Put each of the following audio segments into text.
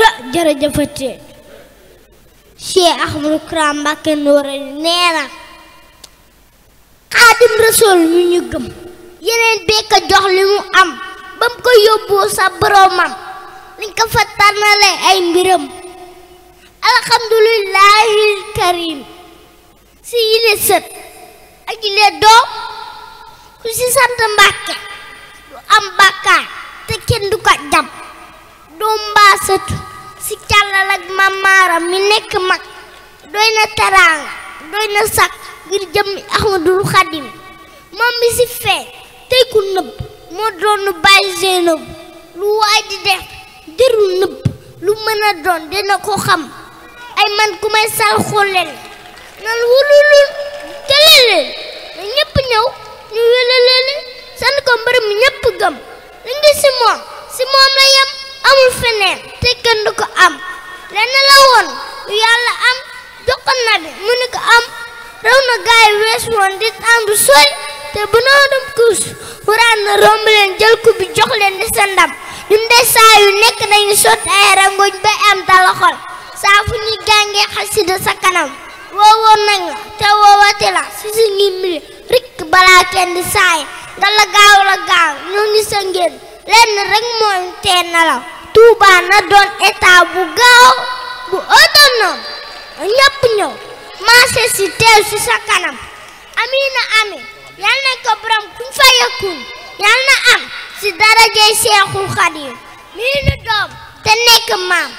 ra jërëjëfate Cheikh Ahmadou Kara Mbacké Noreyni nee na xaadim rasul ñu ñu gëm yeneen bee ko jox li mu am ba mu ko yóbbu sa boromam liñ ko fa tànnale ay mbiram alxamdulillahil karim si yile sët ak yile doom ku si sant Mbàkke du am bàkkaar Domba sëtu si càllal ak mamaaram mi doina terang doy sak teraanga doy ngir Ahmadul khadim moom mi si fe tey ku nëbb moo doonu lu waay di def deru neub lu meuna de xam ay man ku sal xooleel nan wululul tëleleel na ñépp san ñu welelee sant ko mbër mi ñépp ngi si mom si mom la yam amul feneen te kenn du ko am lenn la won lu am jox ko nabi mu ko am raw na gaay wees woon di am du soy te bu noonum kuus xuraan na romb leen jël ko bi jox len ni sandam ñun de sa yu nek dañu sot ay rangoñ ba am dala xol saa fu ñi gangé khassida sa kanam won nañ te te wati la si si ñi mbiri rek bala kenn di saay nga la gaaw la gaaw sa ngeen len rek mooñ teen na la tubana doon don bu gaaw bu autonome nyap ñëw marché si teew si sakanam amina ami yal na ko bram kun fayakun am si je seexul xadim mii nu dom te nekk mam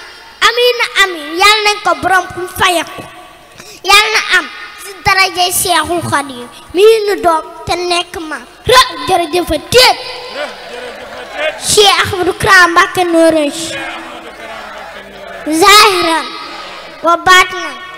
amina ami yal na ko bram kun am si je seexul xadim mii nu dom te nekk mam ra Cheikh Ahmadou Kara Mbacké Noreyni zahiran wa batinan